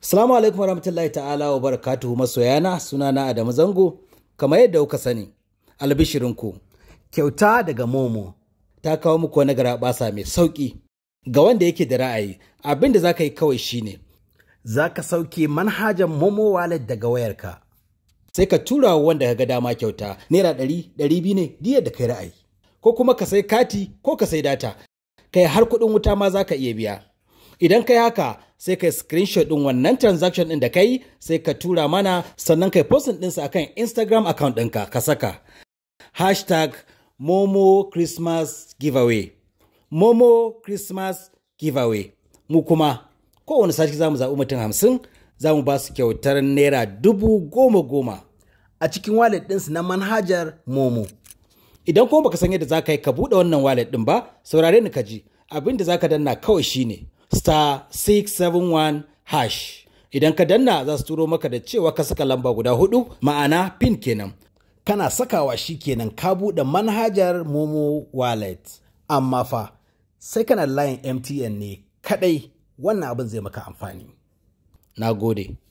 Salamu alaikum warahmatullahi ta'ala wa barakatuhu masoyana sunana Adamu Zango kamar yadda kuka sani albishirinku kyauta daga Momo ta kawo muku wani garaɓasa mai sauki ga wanda yake da ra'ayi abin da zaka yi kawai shine zaka sauke manhajan Momo Wallet daga wayarka sai ka tura wanda ka ga dama kyauta naira ɗari ɗari biyu ne diyar da kai ra'ayi ko kuma ka sai kati ko ka sai data kai har kuɗin wuta ma zaka iya biya idan kai haka sai kai screenshot din wannan transaction din da kai sai ka tura mana sannan kai posting ɗinsa akan instagram account ɗinka ka saka hashtag momo christmas giveaway mu kuma kowane sati za mu zaɓi mutum hamsin za mu ba su kyautar naira dubu goma goma a cikin wallet ɗinsu na manhajar momo idan kuma baka san yadda za ka yi ka buɗe wannan wallet ɗin ba saurare ni ka ji abin da za ka danna kawai shine star 671 hash idan ka danna za su turo maka da cewa ka saka lamba guda hudu ma'ana pin kenan kana sakawa shi kenan ka buɗe manhajar momo wallet amma fa sai kana layin mtn ne kadai wannan abin zai maka amfani na gode